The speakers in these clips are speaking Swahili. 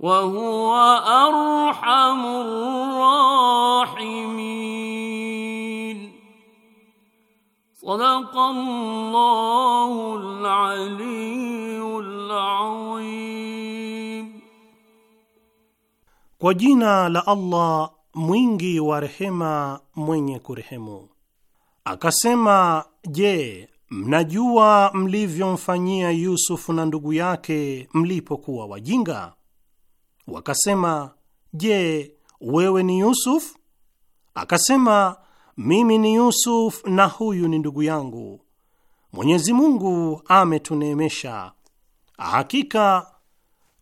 Kwa jina la Allah mwingi wa rehema mwenye kurehemu. Akasema, je, mnajua mlivyomfanyia Yusufu na ndugu yake mlipokuwa wajinga? Wakasema, je, wewe ni Yusuf? Akasema, mimi ni Yusuf na huyu ni ndugu yangu. Mwenyezi Mungu ametuneemesha. Hakika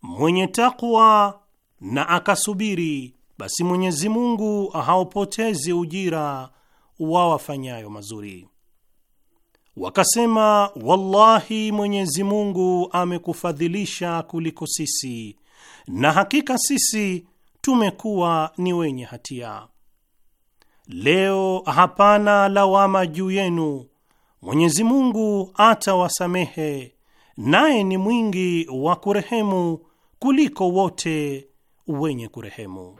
mwenye takwa na akasubiri, basi Mwenyezi Mungu haupotezi ujira wa wafanyayo mazuri. Wakasema, wallahi Mwenyezi Mungu amekufadhilisha kuliko sisi na hakika sisi tumekuwa ni wenye hatia. Leo hapana lawama juu yenu, Mwenyezi Mungu atawasamehe, naye ni mwingi wa kurehemu kuliko wote wenye kurehemu.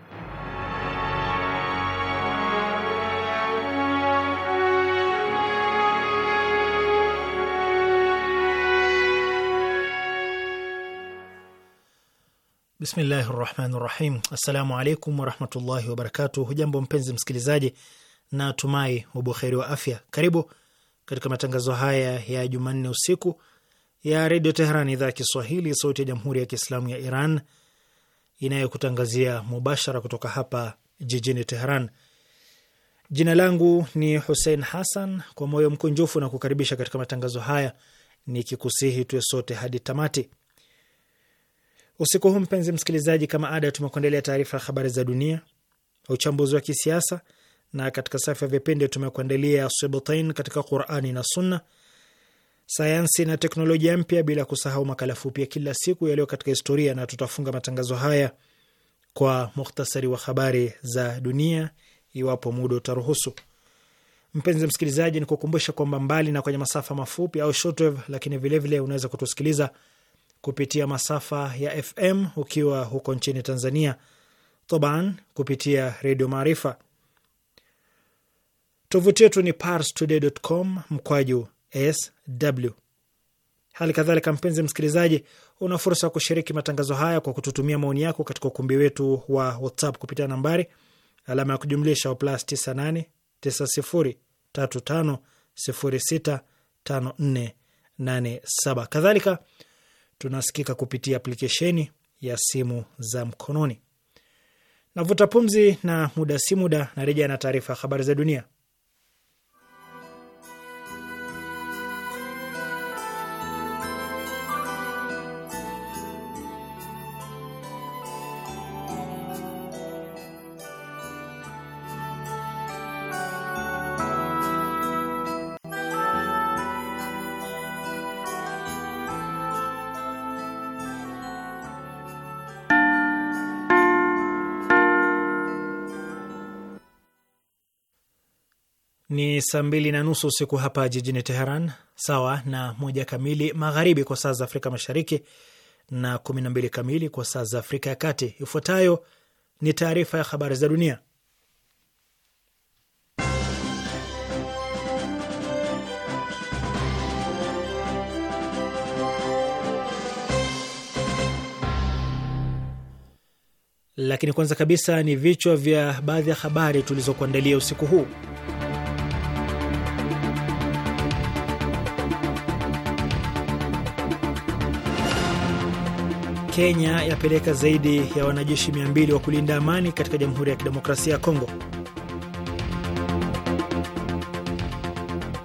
Bismillahi rahmani rahim. Assalamu alaikum warahmatullahi wabarakatu. Hujambo mpenzi msikilizaji, na tumai ubuheri wa afya. Karibu katika matangazo haya ya Jumanne usiku ya redio Teheran, idhaa ya Kiswahili, sauti ya jamhuri ya Kiislamu ya Iran inayokutangazia mubashara kutoka hapa jijini Teheran. Jina langu ni Husein Hassan, kwa moyo mkunjufu na kukaribisha katika matangazo haya nikikusihi tuwe sote hadi tamati usiku huu, mpenzi msikilizaji, kama ada, tumekuandalia taarifa ya habari za dunia, uchambuzi wa kisiasa, na katika safu ya vipindi tumekuandalia Sibutain katika Qurani na Sunna, sayansi na teknolojia mpya, bila kusahau makala fupi ya kila siku yaliyo katika historia, na tutafunga matangazo haya kwa muhtasari wa habari za dunia iwapo muda utaruhusu. Mpenzi msikilizaji, ni kukumbusha kwamba mbali na kwenye masafa mafupi au shortwave, lakini vilevile unaweza kutusikiliza kupitia masafa ya FM ukiwa huko nchini Tanzania, toban kupitia Redio Maarifa. Tovuti yetu ni parstoday.com mkwaju sw. Hali kadhalika, mpenzi msikilizaji, una fursa ya kushiriki matangazo haya kwa kututumia maoni yako katika ukumbi wetu wa WhatsApp kupitia nambari alama ya kujumlisha plus 98 9035065487. Kadhalika tunasikika kupitia aplikesheni ya simu za mkononi. Navuta pumzi na muda si muda nareja na taarifa ya habari za dunia. Ni saa mbili na nusu usiku hapa jijini Teheran, sawa na moja kamili magharibi kwa saa za Afrika Mashariki na kumi na mbili kamili kwa saa za Afrika ya Kati. Ifuatayo ni taarifa ya habari za dunia, lakini kwanza kabisa ni vichwa vya baadhi ya habari tulizokuandalia usiku huu. Kenya yapeleka zaidi ya wanajeshi 20 wa kulinda amani katika Jamhuri ya Kidemokrasia ya Kongo.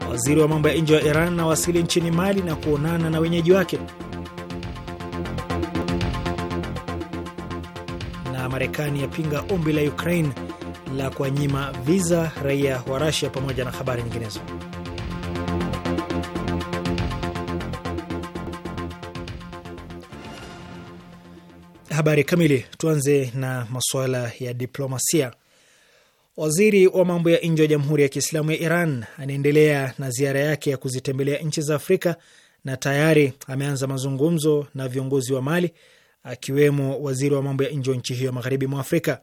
Waziri wa mambo ya nje wa Iran nawasili nchini Mali na kuonana na wenyeji wake. Na Marekani yapinga ombi la Ukraine la kuwanyima viza raia wa Rasia, pamoja na habari nyinginezo. habari kamili. Tuanze na masuala ya diplomasia. Waziri wa mambo ya nje wa Jamhuri ya Kiislamu ya Iran anaendelea na ziara yake ya kuzitembelea nchi za Afrika na tayari ameanza mazungumzo na viongozi wa Mali, akiwemo waziri wa mambo ya nje wa nchi hiyo ya magharibi mwa Afrika.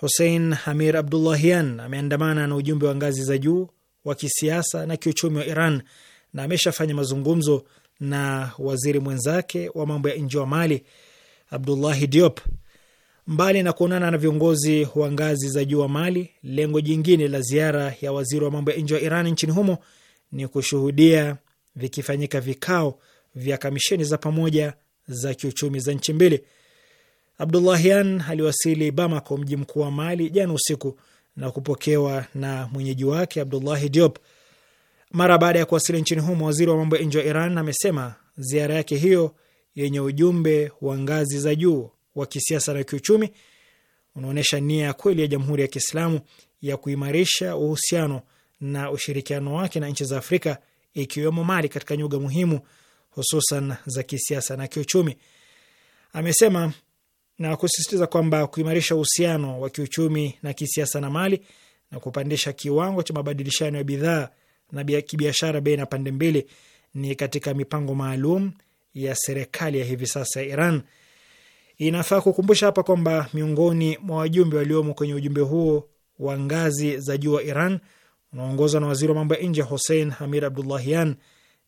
Hussein Hamir Abdullahian ameandamana na ujumbe wa ngazi za juu wa kisiasa na kiuchumi wa Iran na ameshafanya mazungumzo na waziri mwenzake wa mambo ya nje wa Mali Abdullahi Diop. Mbali na kuonana na viongozi wa ngazi za juu wa Mali, lengo jingine la ziara ya waziri wa mambo ya nje wa Iran nchini humo ni kushuhudia vikifanyika vikao vya kamisheni za pamoja za kiuchumi za nchi mbili. Abdullahian aliwasili Bamako, mji mkuu wa Mali, jana usiku na kupokewa na mwenyeji wake Abdullahi Diop. Mara baada ya kuwasili nchini humo, waziri wa mambo ya nje wa Iran amesema ziara yake hiyo yenye ujumbe wa ngazi za juu wa kisiasa na kiuchumi unaonyesha nia ya kweli ya Jamhuri ya Kiislamu ya kuimarisha uhusiano na ushirikiano wake na nchi za Afrika ikiwemo Mali katika nyuga muhimu hususan za kisiasa na kiuchumi. Amesema na kusisitiza kwamba kuimarisha uhusiano wa kiuchumi na kisiasa na Mali na kupandisha kiwango cha mabadilishano ya bidhaa na kibiashara baina ya pande mbili ni katika mipango maalum ya serikali ya hivi sasa ya Iran. Inafaa kukumbusha hapa kwamba miongoni mwa wajumbe waliomo kwenye ujumbe huo wa ngazi za juu wa Iran unaongozwa na waziri wa mambo ya nje Hussein Hamir Abdullahian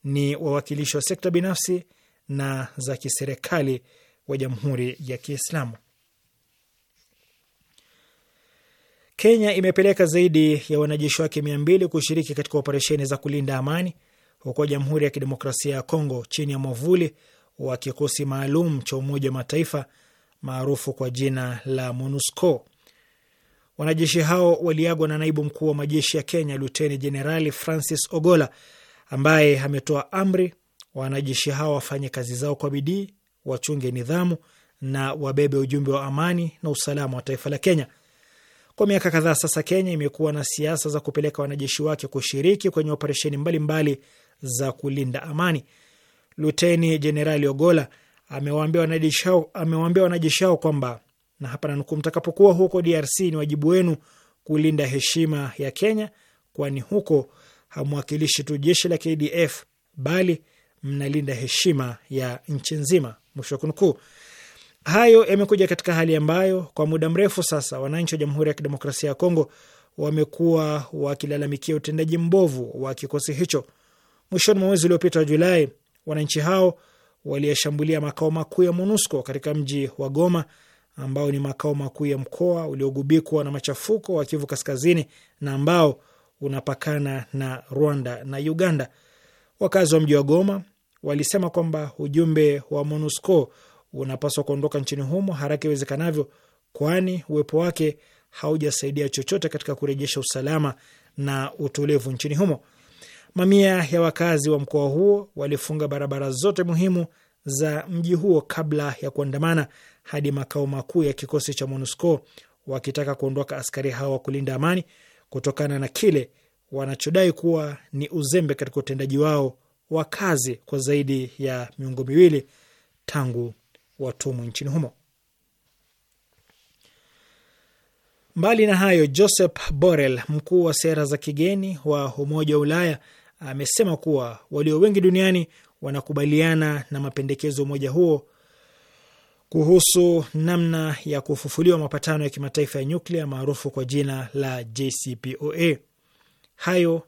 ni wawakilishi wa sekta binafsi na za kiserikali wa Jamhuri ya Kiislamu. Kenya imepeleka zaidi ya wanajeshi wake mia mbili kushiriki katika operesheni za kulinda amani huko Jamhuri ya Kidemokrasia ya Kongo chini ya mwavuli wa kikosi maalum cha Umoja wa Mataifa maarufu kwa jina la MONUSCO. Wanajeshi hao waliagwa na naibu mkuu wa majeshi ya Kenya Luteni Jenerali Francis Ogola ambaye ametoa amri wanajeshi hao wafanye kazi zao kwa bidii, wachunge nidhamu na wabebe ujumbe wa amani na usalama wa taifa la Kenya. Kwa miaka kadhaa sasa, Kenya imekuwa na siasa za kupeleka wanajeshi wake kushiriki kwenye operesheni mbalimbali za kulinda amani. Luteni Jenerali Ogola amewaambia wanajeshi hao kwamba, na hapa nanukuu, mtakapokuwa huko DRC ni wajibu wenu kulinda heshima ya Kenya, kwani huko hamwakilishi tu jeshi la KDF bali mnalinda heshima ya nchi nzima. Mwisho wa kunukuu. Hayo yamekuja katika hali ambayo kwa muda mrefu sasa wananchi wa Jamhuri ya Kidemokrasia ya Kongo wamekuwa wakilalamikia utendaji mbovu wa kikosi hicho. Mwishoni mwa mwezi uliopita wa Julai, wananchi hao waliashambulia makao makuu ya MONUSCO katika mji wa Goma ambao ni makao makuu ya mkoa uliogubikwa na machafuko wa Kivu Kaskazini na ambao unapakana na Rwanda na Uganda. Wakazi wa mji wa Goma walisema kwamba ujumbe wa MONUSCO unapaswa kuondoka nchini humo haraka iwezekanavyo, kwani uwepo wake haujasaidia chochote katika kurejesha usalama na utulivu nchini humo. Mamia ya wakazi wa mkoa huo walifunga barabara zote muhimu za mji huo kabla ya kuandamana hadi makao makuu ya kikosi cha MONUSCO wakitaka kuondoka askari hao wa kulinda amani kutokana na kile wanachodai kuwa ni uzembe katika utendaji wao wa kazi kwa zaidi ya miongo miwili tangu watumwe nchini humo. Mbali na hayo, Joseph Borrell, mkuu wa sera za kigeni wa Umoja wa Ulaya, amesema kuwa walio wengi duniani wanakubaliana na mapendekezo umoja huo kuhusu namna ya kufufuliwa mapatano ya kimataifa ya nyuklia maarufu kwa jina la JCPOA. Hayo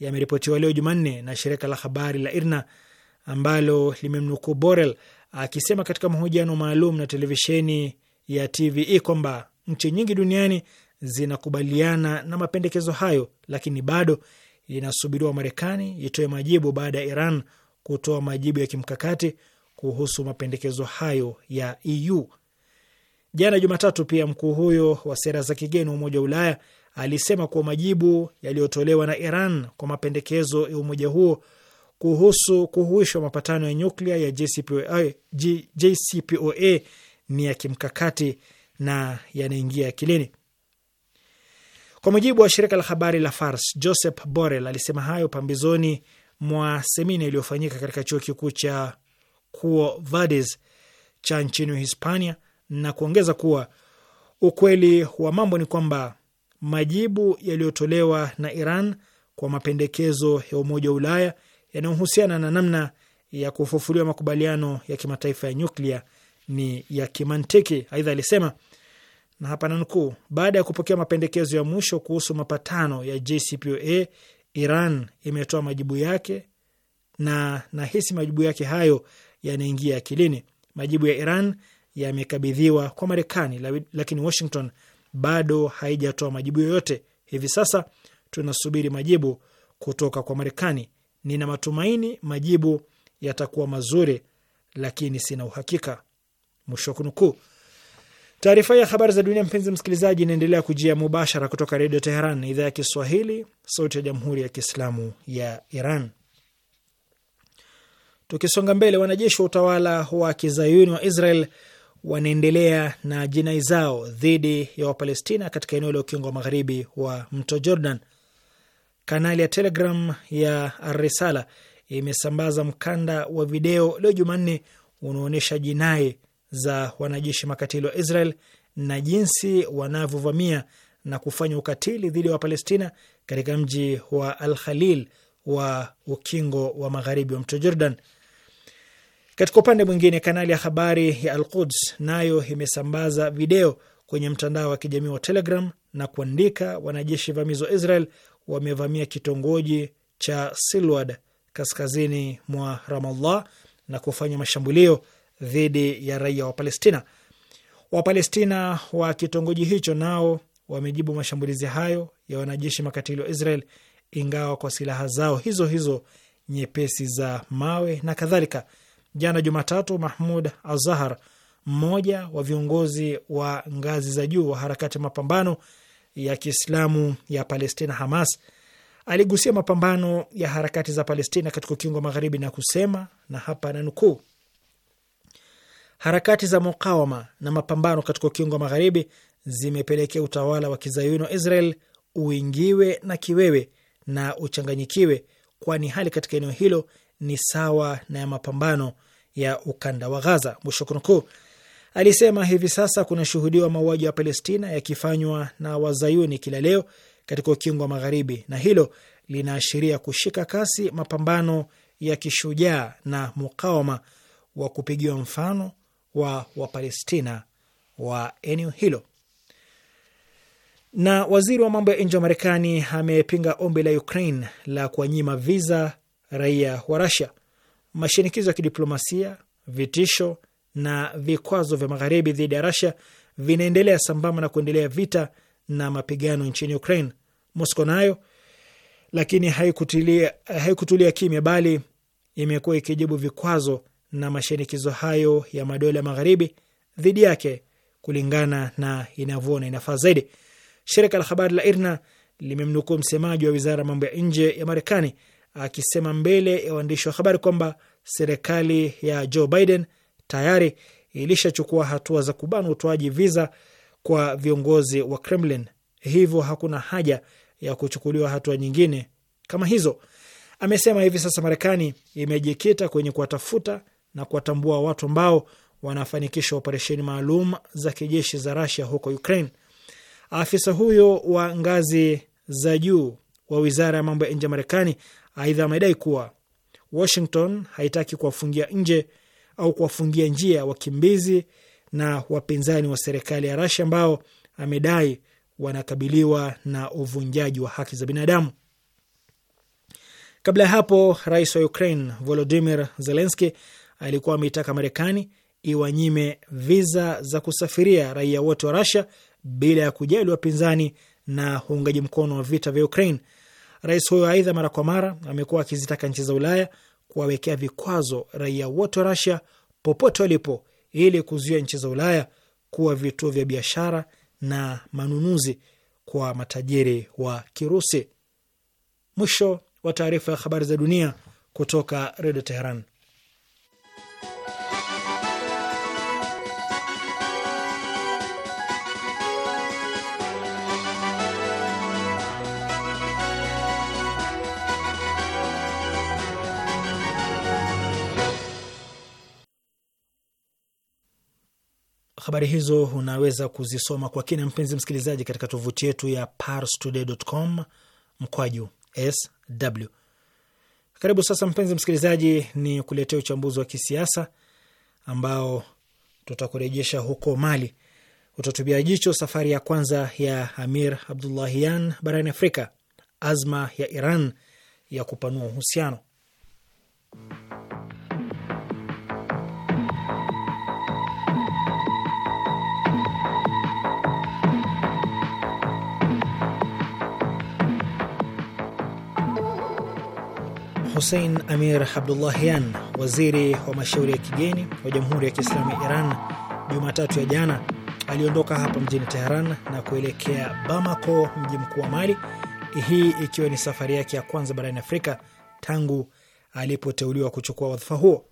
yameripotiwa leo Jumanne na shirika la habari la IRNA ambalo limemnukuu Borel akisema katika mahojiano maalum na televisheni ya TVE kwamba nchi nyingi duniani zinakubaliana na mapendekezo hayo, lakini bado inasubiriwa Marekani itoe majibu baada ya Iran kutoa majibu ya kimkakati kuhusu mapendekezo hayo ya EU. Jana Jumatatu pia mkuu huyo wa sera za kigeni wa Umoja wa Ulaya alisema kuwa majibu yaliyotolewa na Iran kwa mapendekezo ya umoja huo kuhusu kuhuishwa mapatano ya nyuklia ya JCPOA, JCPOA ni ya kimkakati na yanaingia akilini. Kwa mujibu wa shirika la habari la Fars, Josep Borrell alisema hayo pambizoni mwa semina iliyofanyika katika chuo kikuu cha Cuo Vades cha nchini Hispania na kuongeza kuwa ukweli wa mambo ni kwamba majibu yaliyotolewa na Iran kwa mapendekezo ya Umoja wa Ulaya yanayohusiana na namna ya kufufuliwa makubaliano ya kimataifa ya nyuklia ni ya kimantiki. Aidha alisema na hapa nanukuu, baada ya kupokea mapendekezo ya mwisho kuhusu mapatano ya JCPOA, Iran imetoa majibu yake na nahisi majibu yake hayo yanaingia akilini. Majibu ya Iran yamekabidhiwa kwa Marekani, lakini Washington bado haijatoa majibu yoyote. Hivi sasa tunasubiri majibu kutoka kwa Marekani. Nina matumaini majibu yatakuwa mazuri, lakini sina uhakika, mwisho wa kunukuu. Taarifa ya habari za dunia, mpenzi msikilizaji, inaendelea kujia mubashara kutoka Redio Teheran, idhaa ya Kiswahili, sauti ya Jamhuri ya Kiislamu ya Iran. Tukisonga mbele, wanajeshi wa utawala wa kizayuni wa Israel wanaendelea na jinai zao dhidi ya Wapalestina katika eneo la ukingo wa magharibi wa mto Jordan. Kanali ya Telegram ya Arrisala imesambaza mkanda wa video leo Jumanne unaonyesha jinai za wanajeshi makatili wa Israel na jinsi wanavyovamia na kufanya ukatili dhidi ya Wapalestina katika mji wa Al Khalil wa ukingo wa magharibi wa mto Jordan. Katika upande mwingine, kanali ya habari ya Al Quds nayo imesambaza video kwenye mtandao wa kijamii wa Telegram na kuandika, wanajeshi vamizi wa Israel wamevamia kitongoji cha Silwad kaskazini mwa Ramallah na kufanya mashambulio dhidi ya raia wa Palestina. Wapalestina wa kitongoji hicho nao wamejibu mashambulizi hayo ya wanajeshi makatili wa Israel, ingawa kwa silaha zao hizo hizo nyepesi za mawe na kadhalika. Jana Jumatatu, Mahmud Azahar, mmoja wa viongozi wa ngazi za juu wa harakati ya mapambano ya Kiislamu ya Palestina, Hamas, aligusia mapambano ya harakati za Palestina katika ukingo wa magharibi na kusema, na hapa nanukuu Harakati za mukawama na mapambano katika ukingo wa magharibi zimepelekea utawala wa kizayuni wa Israel uingiwe na kiwewe na uchanganyikiwe, kwani hali katika eneo hilo ni sawa na ya mapambano ya ukanda wa Ghaza, mwisho kunukuu. Alisema hivi sasa kuna shuhudiwa mauaji ya Palestina yakifanywa na wazayuni kila leo katika ukingo wa magharibi, na hilo linaashiria kushika kasi mapambano ya kishujaa na mukawama wa kupigiwa mfano wa Wapalestina wa eneo hilo. Na waziri wa mambo ya nje wa Marekani amepinga ombi la Ukraine la kuwanyima viza raia wa Rasia. Mashinikizo ya kidiplomasia, vitisho na vikwazo vya magharibi dhidi ya Rasia vinaendelea sambamba na kuendelea vita na mapigano nchini Ukraine. Moscow nayo lakini haikutulia kimya, bali imekuwa ikijibu vikwazo na mashinikizo hayo ya madola ya magharibi dhidi yake kulingana na inavyoona inafaa zaidi. Shirika la habari la IRNA limemnukuu msemaji wa wizara ya mambo ya nje ya Marekani akisema mbele ya waandishi wa habari kwamba serikali ya Joe Biden tayari ilishachukua hatua za kubana utoaji viza kwa viongozi wa Kremlin, hivyo hakuna haja ya kuchukuliwa hatua nyingine kama hizo. Amesema hivi sasa Marekani imejikita kwenye kuwatafuta na kuwatambua watu ambao wanafanikisha operesheni maalum za kijeshi za rasia huko Ukraine. Afisa huyo wa ngazi za juu wa wizara ya mambo ya nje ya Marekani aidha amedai kuwa Washington haitaki kuwafungia nje au kuwafungia njia wakimbizi na wapinzani wa serikali ya rasia ambao amedai wanakabiliwa na uvunjaji wa haki za binadamu. Kabla ya hapo, rais wa Ukraine Volodymyr Zelensky alikuwa ameitaka Marekani iwanyime viza za kusafiria raia wote wa Russia bila ya kujali wapinzani na uungaji mkono wa vita vya Ukraine. Rais huyo aidha, mara kwa mara amekuwa akizitaka nchi za Ulaya kuwawekea vikwazo raia wote wa rasia popote walipo ili kuzuia nchi za Ulaya kuwa vituo vya biashara na manunuzi kwa matajiri wa Kirusi. Mwisho wa taarifa ya habari za dunia kutoka Redio Teheran. Habari hizo unaweza kuzisoma kwa kina, mpenzi msikilizaji, katika tovuti yetu ya parstoday.com mkwaju sw. Karibu sasa, mpenzi msikilizaji, ni kuletea uchambuzi wa kisiasa ambao tutakurejesha huko Mali. utatubia jicho safari ya kwanza ya Amir Abdullahian barani Afrika, azma ya Iran ya kupanua uhusiano Hussein Amir Abdullahian, waziri wa mashauri ya kigeni wa Jamhuri ya Kiislamu ya Iran, Jumatatu ya jana aliondoka hapa mjini Teheran na kuelekea Bamako, mji mkuu wa Mali, hii ikiwa ni safari yake ya kwanza barani Afrika tangu alipoteuliwa kuchukua wadhifa huo.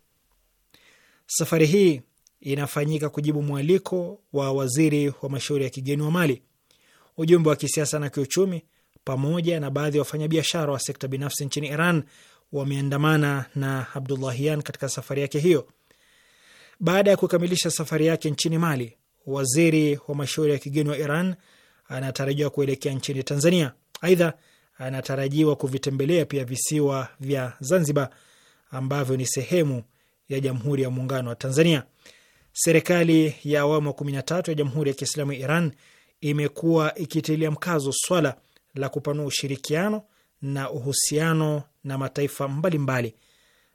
Safari hii inafanyika kujibu mwaliko wa waziri wa mashauri ya kigeni wa Mali, ujumbe wa kisiasa na kiuchumi, pamoja na baadhi ya wafanyabiashara wa sekta binafsi nchini Iran wameandamana na Abdullahian katika safari yake hiyo. Baada ya kukamilisha safari yake nchini Mali, waziri wa mashauri ya kigeni wa Iran anatarajiwa kuelekea nchini Tanzania. Aidha, anatarajiwa kuvitembelea pia visiwa vya Zanzibar ambavyo ni sehemu ya Jamhuri ya Muungano wa Tanzania. Serikali ya awamu ya kumi na tatu ya Jamhuri ya Kiislamu ya Iran imekuwa ikitilia mkazo swala la kupanua ushirikiano na uhusiano na mataifa mbalimbali mbali,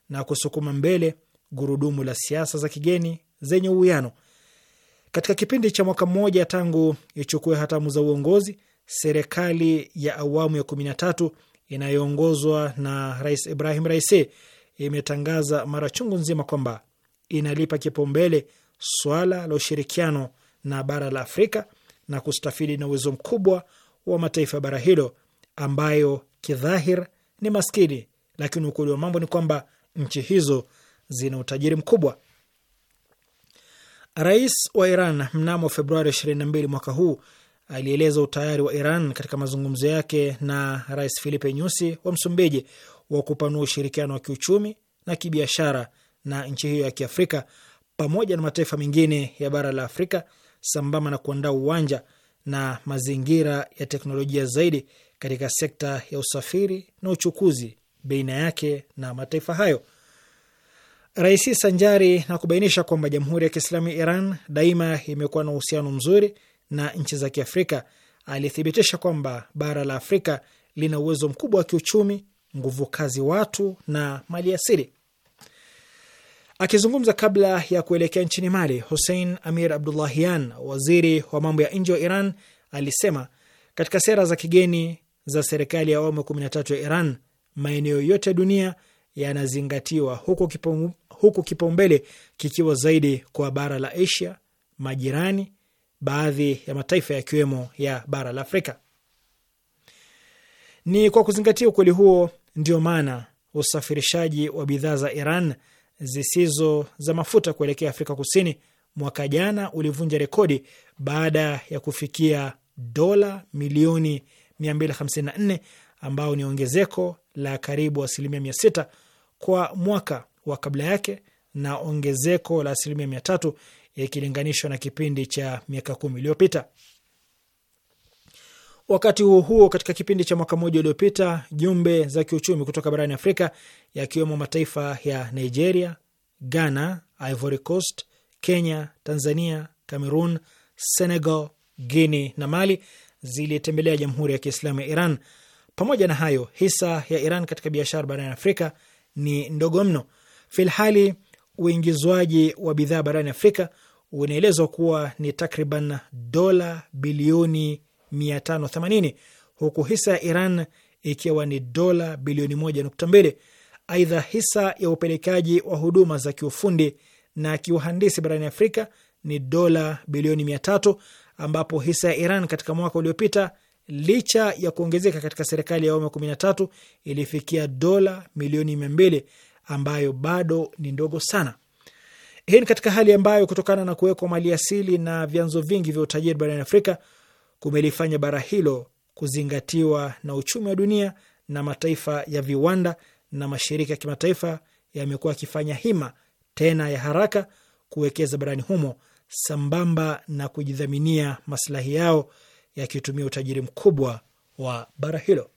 na kusukuma mbele gurudumu la siasa za kigeni zenye uwiano. Katika kipindi cha mwaka mmoja tangu ichukue hatamu za uongozi, serikali ya awamu ya kumi na tatu inayoongozwa na Rais Ibrahim Raisi imetangaza mara chungu nzima kwamba inalipa kipaumbele swala la ushirikiano na bara la Afrika na kustafidi na uwezo mkubwa wa mataifa ya bara hilo ambayo kidhahir ni maskini, lakini ukweli wa mambo ni kwamba nchi hizo zina utajiri mkubwa. Rais wa Iran mnamo Februari 22 mwaka huu alieleza utayari wa Iran katika mazungumzo yake na Rais Filipe Nyusi wa Msumbiji wa kupanua ushirikiano wa kiuchumi na kibiashara na nchi hiyo ya Kiafrika pamoja na mataifa mengine ya bara la Afrika sambamba na kuandaa uwanja na mazingira ya teknolojia zaidi katika sekta ya usafiri na uchukuzi baina yake na mataifa hayo. Rais sanjari na kubainisha kwamba Jamhuri ya Kiislamu ya Iran daima imekuwa na uhusiano mzuri na nchi za Kiafrika, alithibitisha kwamba bara la Afrika lina uwezo mkubwa wa kiuchumi, nguvu kazi watu na mali asili. Akizungumza kabla ya kuelekea nchini Mali, Hussein Amir Abdullahian, waziri wa mambo ya nje wa Iran, alisema katika sera za kigeni za serikali ya awamu ya kumi na tatu ya Iran, maeneo yote ya dunia yanazingatiwa, huku kipaumbele kikiwa zaidi kwa bara la Asia, majirani, baadhi ya mataifa yakiwemo ya bara la Afrika. Ni kwa kuzingatia ukweli huo ndio maana usafirishaji wa bidhaa za Iran zisizo za mafuta kuelekea Afrika Kusini mwaka jana ulivunja rekodi baada ya kufikia dola milioni 254 ambao ni ongezeko la karibu asilimia 600 kwa mwaka wa kabla yake na ongezeko la asilimia 300 ikilinganishwa na kipindi cha miaka kumi iliyopita. Wakati huo huo, katika kipindi cha mwaka mmoja uliopita, jumbe za kiuchumi kutoka barani Afrika yakiwemo mataifa ya Nigeria, Ghana, Ivory Coast, Kenya, Tanzania, Cameroon, Senegal, Guinea na Mali zilitembelea Jamhuri ya Kiislamu ya Iran. Pamoja na hayo, hisa ya Iran katika biashara barani Afrika ni ndogo mno, filhali uingizwaji wa bidhaa barani Afrika unaelezwa kuwa ni takriban dola bilioni 580 huku hisa ya Iran ikiwa ni dola bilioni 1.2. Aidha, hisa ya upelekaji wa huduma za kiufundi na kiuhandisi barani Afrika ni dola bilioni ambapo hisa ya Iran katika mwaka uliopita licha ya kuongezeka katika serikali ya awamu ya kumi na tatu ilifikia dola milioni mia mbili ambayo bado ni ndogo sana. Hii ni katika hali ambayo kutokana na kuwekwa mali asili na vyanzo vingi vya utajiri barani Afrika kumelifanya bara hilo kuzingatiwa na uchumi wa dunia na mataifa ya viwanda na mashirika kima ya kimataifa yamekuwa yakifanya hima tena ya haraka kuwekeza barani humo sambamba na kujidhaminia maslahi yao yakitumia utajiri mkubwa wa bara hilo.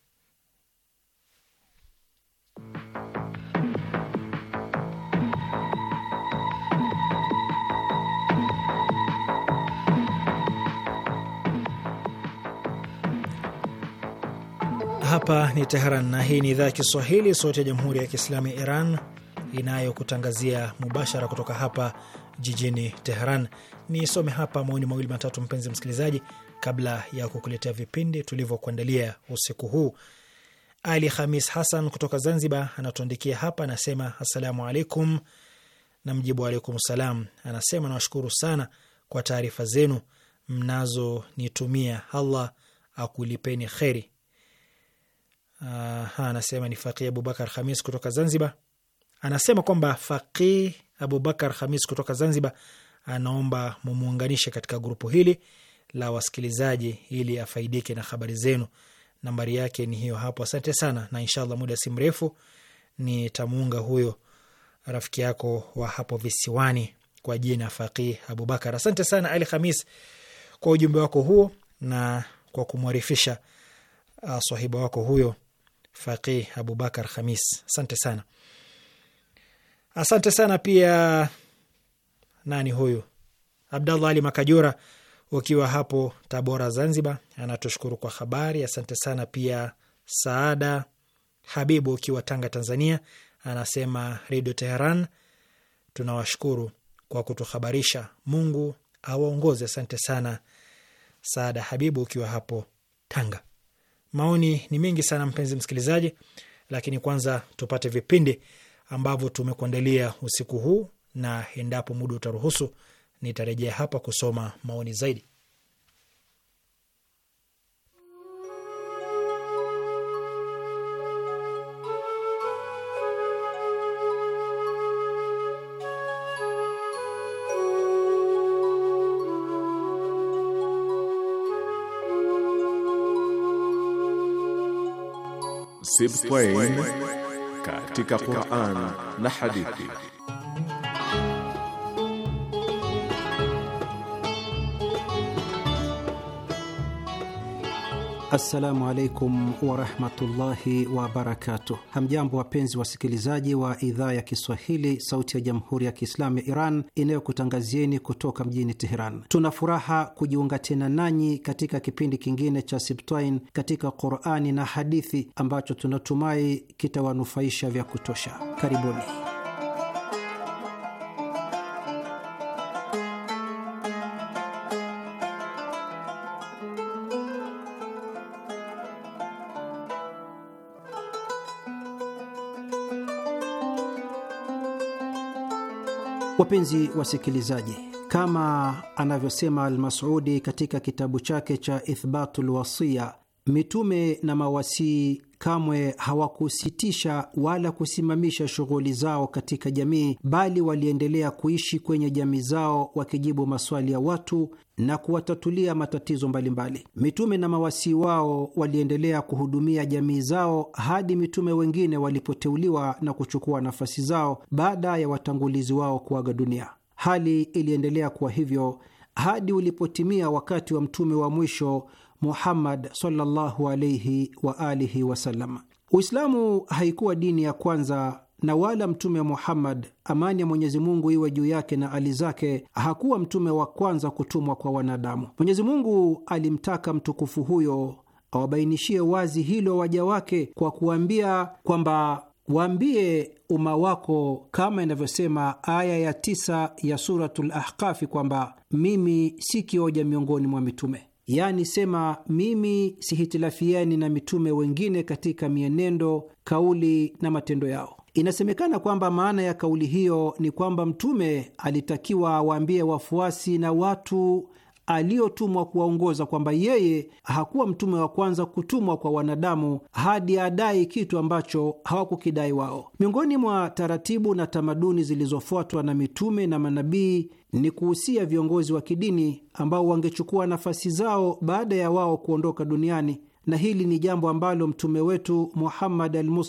Hapa ni Teheran na hii ni idhaa ya Kiswahili, sauti ya jamhuri ya kiislamu ya Iran inayokutangazia mubashara kutoka hapa jijini Teheran. Nisome hapa maoni mawili matatu, mpenzi msikilizaji, kabla ya kukuletea vipindi tulivyokuandalia usiku huu. Ali Khamis Hassan kutoka Zanzibar anatuandikia hapa, anasema assalamu alaikum, na mjibu alaikum salam. Anasema nawashukuru sana kwa taarifa zenu mnazonitumia, Allah akulipeni kheri. Aha, anasema ni Faqih Abubakar Khamis kutoka Zanzibar, anasema kwamba Faqih Abubakar Hamis kutoka Zanzibar anaomba mumuunganishe katika grupu hili la wasikilizaji ili afaidike na habari zenu. Nambari yake ni hiyo hapo. Asante sana, na inshallah muda si mrefu nitamuunga huyo rafiki yako wa hapo visiwani kwa jina Faqih Abubakar. Asante sana Ali Hamis kwa ujumbe wako huo na kwa kumwarifisha uh, swahiba wako huyo Faqih Abubakar Khamis. Asante sana. Asante sana pia nani huyu Abdallah Ali Makajura ukiwa hapo Tabora, Zanzibar, anatushukuru kwa habari. Asante sana pia Saada Habibu ukiwa Tanga, Tanzania, anasema Redio Teheran tunawashukuru kwa kutuhabarisha. Mungu awaongoze. Asante sana Saada Habibu ukiwa hapo Tanga. Maoni ni mengi sana mpenzi msikilizaji, lakini kwanza tupate vipindi ambavyo tumekuandalia usiku huu, na endapo muda utaruhusu, nitarejea hapa kusoma maoni zaidi. Sibtain katika Qur'an na hadithi. Assalamu alaikum warahmatullahi wabarakatuh. Hamjambo wapenzi wasikilizaji wa idhaa ya Kiswahili, sauti ya jamhuri ya kiislamu ya Iran inayokutangazieni kutoka mjini Teheran. Tuna furaha kujiunga tena nanyi katika kipindi kingine cha Sibtain katika Qurani na hadithi ambacho tunatumai kitawanufaisha vya kutosha. Karibuni. Wapenzi wasikilizaji, kama anavyosema Almasudi katika kitabu chake cha Ithbatul Wasiya, mitume na mawasii kamwe hawakusitisha wala kusimamisha shughuli zao katika jamii, bali waliendelea kuishi kwenye jamii zao wakijibu maswali ya watu na kuwatatulia matatizo mbalimbali. Mitume na mawasii wao waliendelea kuhudumia jamii zao hadi mitume wengine walipoteuliwa na kuchukua nafasi zao baada ya watangulizi wao kuaga dunia. Hali iliendelea kuwa hivyo hadi ulipotimia wakati wa mtume wa mwisho Muhammad sallallahu alaihi wa alihi wasallam. Uislamu haikuwa dini ya kwanza na wala Mtume Muhammad, amani ya Mwenyezi Mungu iwe juu yake na ali zake, hakuwa mtume wa kwanza kutumwa kwa wanadamu. Mwenyezi Mungu alimtaka mtukufu huyo awabainishie wazi hilo waja wake kwa kuambia kwamba waambie umma wako kama inavyosema aya ya tisa ya Suratul Ahkafi kwamba mimi si kioja miongoni mwa mitume, yaani sema mimi sihitilafiani na mitume wengine katika mienendo, kauli na matendo yao. Inasemekana kwamba maana ya kauli hiyo ni kwamba Mtume alitakiwa awaambie wafuasi na watu aliyotumwa kuwaongoza kwamba yeye hakuwa mtume wa kwanza kutumwa kwa wanadamu hadi adai kitu ambacho hawakukidai wao. Miongoni mwa taratibu na tamaduni zilizofuatwa na mitume na manabii ni kuhusia viongozi wa kidini ambao wangechukua nafasi zao baada ya wao kuondoka duniani na hili ni jambo ambalo mtume wetu Muhammad al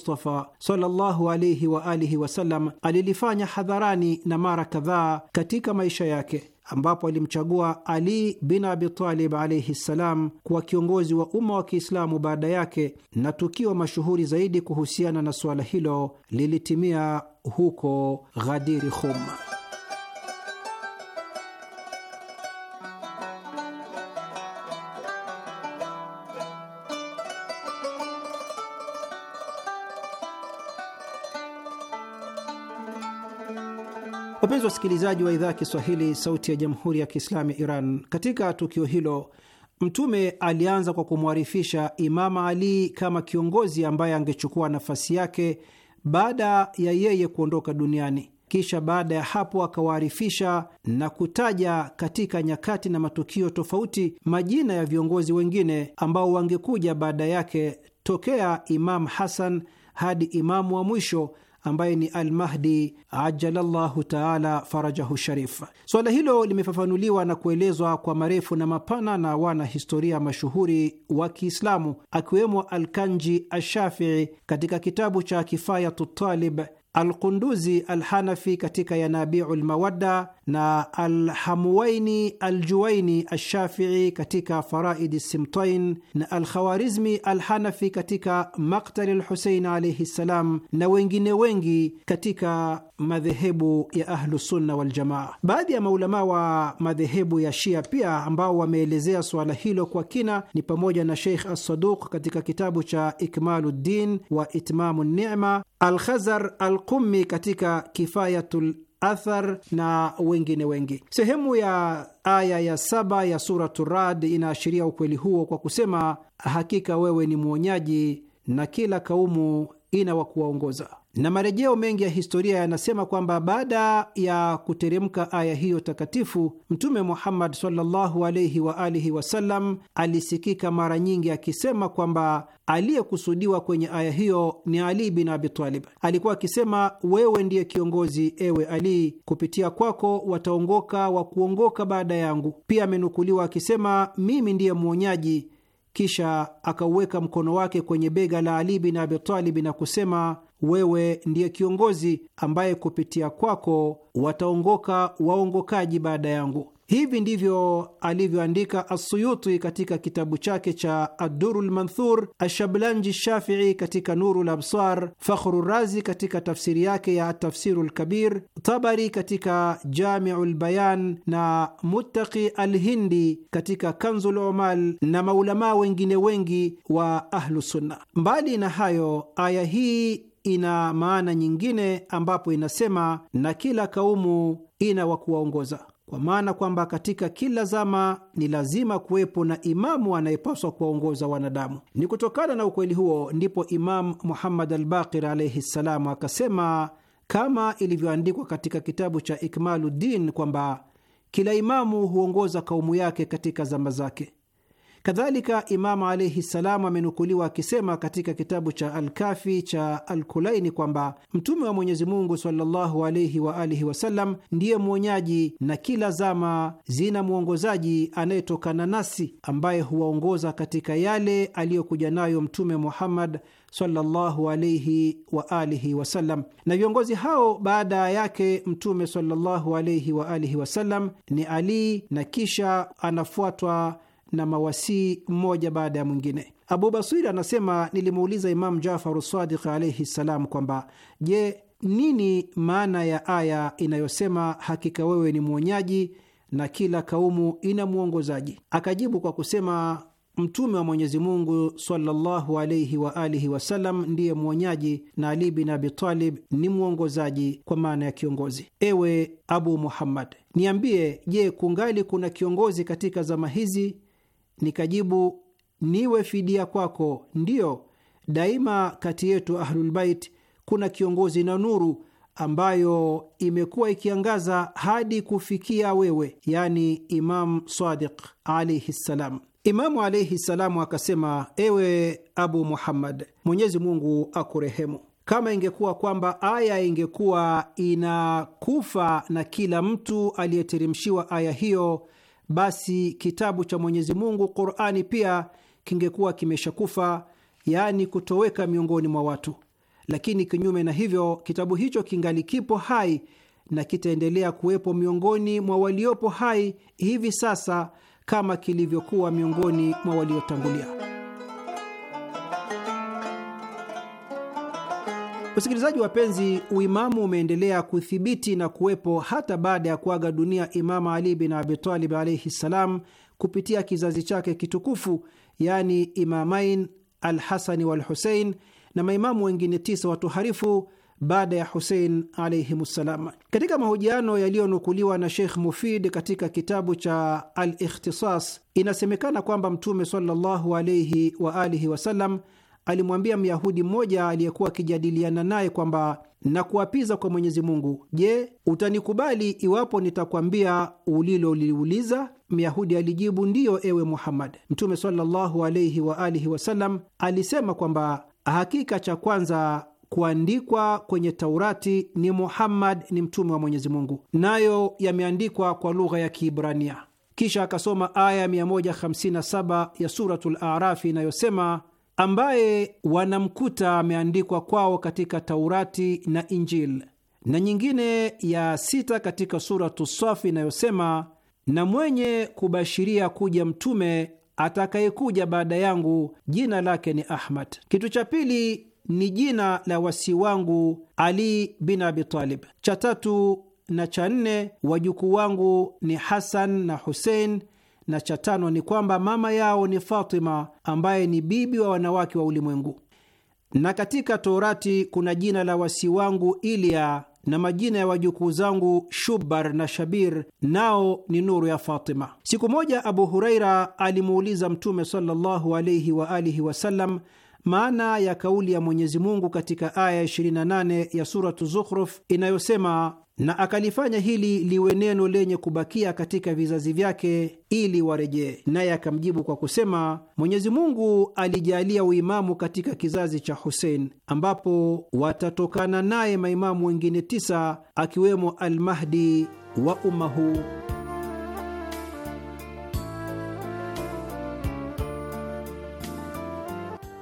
sallallahu alaihi wa alihi wasallam alilifanya hadharani na mara kadhaa katika maisha yake ambapo alimchagua Ali bin Abitalib alaihi ssalam kuwa kiongozi wa umma wa Kiislamu baada yake, na tukio mashuhuri zaidi kuhusiana na suala hilo lilitimia huko Ghadiri Khumma. Wapenzi wasikilizaji wa idhaa ya Kiswahili, Sauti ya Jamhuri ya Kiislamu ya Iran, katika tukio hilo Mtume alianza kwa kumwarifisha Imama Ali kama kiongozi ambaye angechukua nafasi yake baada ya yeye kuondoka duniani. Kisha baada ya hapo akawaarifisha na kutaja katika nyakati na matukio tofauti majina ya viongozi wengine ambao wangekuja baada yake tokea Imam Hasan hadi imamu wa mwisho ambaye ni Almahdi ajalallahu taala farajahu sharif. Suala hilo limefafanuliwa na kuelezwa kwa marefu na mapana na wanahistoria mashuhuri wa Kiislamu akiwemo Alkanji Ashafii katika kitabu cha Kifayatu Talib Alqunduzi Alhanafi katika Yanabiu Lmawadda na Alhamuwaini Aljuwaini Alshafii katika Faraidi Simtain na Alkhawarizmi Alhanafi katika Maktali Lhusein alaihi ssalam na wengine wengi katika madhehebu ya Ahlusunna Waljamaa. Baadhi ya maulamaa wa madhehebu ya Shia pia ambao wameelezea suala hilo kwa kina ni pamoja na Sheikh Assaduq katika kitabu cha Ikmaluddin wa Itmamu Nema, Alkhazar Alqummi katika Kifayatu athar na wengine wengi. Sehemu ya aya ya saba ya Suratu Rad inaashiria ukweli huo kwa kusema, hakika wewe ni mwonyaji na kila kaumu ina wa kuwaongoza na marejeo mengi ya historia yanasema kwamba baada ya kuteremka aya hiyo takatifu, Mtume Muhammad sallallahu alaihi wa alihi wasallam alisikika mara nyingi akisema kwamba aliyekusudiwa kwenye aya hiyo ni Ali bin Abi Talib. Alikuwa akisema, wewe ndiye kiongozi, ewe Ali, kupitia kwako wataongoka wa kuongoka baada yangu. Pia amenukuliwa akisema, mimi ndiye mwonyaji. Kisha akauweka mkono wake kwenye bega la Ali bin Abi Talib na kusema wewe ndiye kiongozi ambaye kupitia kwako wataongoka waongokaji baada yangu. Hivi ndivyo alivyoandika Assuyuti katika kitabu chake cha Adduru lmanthur, Ashablanji Shafii katika Nuru labsar, Fakhru Razi katika tafsiri yake ya Tafsiru lkabir, Tabari katika Jamiu lbayan na Muttaqi Alhindi katika Kanzu lumal na maulamaa wengine wengi wa Ahlusunna. Mbali na hayo, aya hii ina maana nyingine ambapo inasema na kila kaumu ina wa kuwaongoza, kwa maana kwamba katika kila zama ni lazima kuwepo na imamu anayepaswa kuwaongoza wanadamu. Ni kutokana na ukweli huo ndipo Imamu Muhammad al-Baqir alaihi ssalam akasema kama ilivyoandikwa katika kitabu cha Ikmaluddin kwamba kila imamu huongoza kaumu yake katika zama zake. Kadhalika, Imamu alaihi ssalam amenukuliwa akisema katika kitabu cha Alkafi cha Alkulaini kwamba Mtume wa Mwenyezi Mungu sallallahu alaihi wasallam ndiye mwonyaji na kila zama zina mwongozaji anayetokana nasi, ambaye huwaongoza katika yale aliyokuja nayo Mtume Muhammad sallallahu alaihi wasallam. Na viongozi hao baada yake Mtume sallallahu alaihi wasallam ni Ali na kisha anafuatwa na mawasii mmoja baada ya mwingine. Abu Basir anasema nilimuuliza Imamu Jafaru Sadiq alaihi ssalam kwamba je, nini maana ya aya inayosema hakika wewe ni mwonyaji na kila kaumu ina mwongozaji? Akajibu kwa kusema Mtume wa Mwenyezi Mungu sallallahu alaihi wa alihi wasallam ndiye mwonyaji na Ali bin Abi Talib ni mwongozaji kwa maana ya kiongozi. Ewe Abu Muhammad, niambie, je, kungali kuna kiongozi katika zama hizi Nikajibu, niwe fidia kwako. Ndiyo, daima kati yetu Ahlulbait kuna kiongozi na nuru ambayo imekuwa ikiangaza hadi kufikia wewe, yani Imam Sadiq alaihi ssalam. Imamu alaihi ssalamu akasema, ewe Abu Muhammad, Mwenyezi Mungu akurehemu. Kama ingekuwa kwamba aya ingekuwa inakufa na kila mtu aliyeteremshiwa aya hiyo basi kitabu cha Mwenyezi Mungu Qur'ani pia kingekuwa kimeshakufa, yaani kutoweka miongoni mwa watu. Lakini kinyume na hivyo, kitabu hicho kingali kipo hai na kitaendelea kuwepo miongoni mwa waliopo hai hivi sasa kama kilivyokuwa miongoni mwa waliotangulia. wa wapenzi, uimamu umeendelea kuthibiti na kuwepo hata baada ya kuaga dunia Imamu Ali bin Abitalib alaihi ssalam, kupitia kizazi chake kitukufu, yaani Imamain Alhasani Walhusein na maimamu wengine tisa watuharifu baada ya Husein alaihim ssalam. Katika mahojiano yaliyonukuliwa na Sheikh Mufid katika kitabu cha Al Ikhtisas, inasemekana kwamba Mtume sallallahu alaihi waalihi wasallam alimwambia Myahudi mmoja aliyekuwa akijadiliana naye kwamba na kuapiza kwa Mwenyezi Mungu, je, utanikubali iwapo nitakwambia uliloliuliza? Myahudi alijibu, ndiyo, ewe Muhammad. Mtume sallallahu wa alihi wasallam alisema kwamba hakika cha kwanza kuandikwa kwenye Taurati ni Muhammad ni mtume wa Mwenyezi Mungu, nayo yameandikwa kwa lugha ya Kiibrania. Kisha akasoma aya 157 ya Suratul Arafi inayosema ambaye wanamkuta ameandikwa kwao katika Taurati na Injili, na nyingine ya sita katika Suratu Safi inayosema, na mwenye kubashiria kuja mtume atakayekuja baada yangu, jina lake ni Ahmad. Kitu cha pili ni jina la wasii wangu Ali bin Abi Talib. Cha tatu na cha nne wajukuu wangu ni Hasan na Husein na cha tano ni kwamba mama yao ni Fatima ambaye ni bibi wa wanawake wa ulimwengu. Na katika Torati kuna jina la wasi wangu Ilya na majina ya wajukuu zangu Shubar na Shabir, nao ni nuru ya Fatima. Siku moja Abu Huraira alimuuliza Mtume sallallahu alaihi wa alihi wasallam maana ya kauli ya Mwenyezi Mungu katika aya 28 ya suratu Zukhruf inayosema na akalifanya hili liwe neno lenye kubakia katika vizazi vyake ili warejee. Naye akamjibu kwa kusema, Mwenyezi Mungu alijalia uimamu katika kizazi cha Husein, ambapo watatokana naye maimamu wengine tisa akiwemo Almahdi wa umma huu.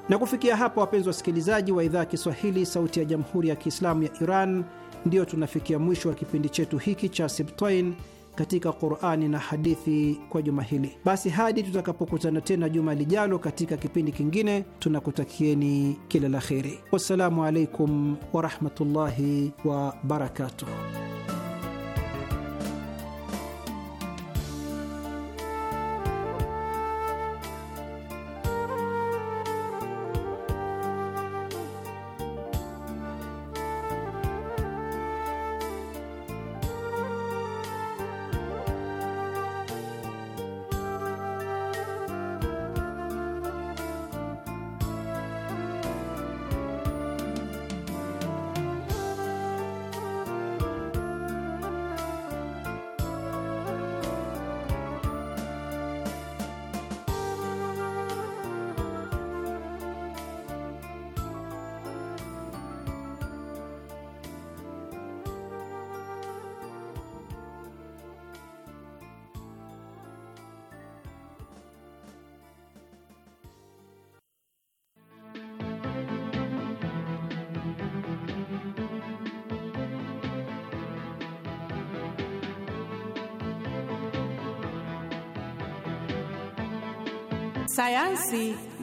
Na kufikia hapa, wapenzi wasikilizaji wa idhaa ya Kiswahili, Sauti ya Jamhuri ya Kiislamu ya Iran Ndiyo tunafikia mwisho wa kipindi chetu hiki cha Sibtain katika Qurani na hadithi kwa juma hili. Basi hadi tutakapokutana tena juma lijalo katika kipindi kingine, tunakutakieni kila la kheri. Wassalamu alaikum warahmatullahi wabarakatuh.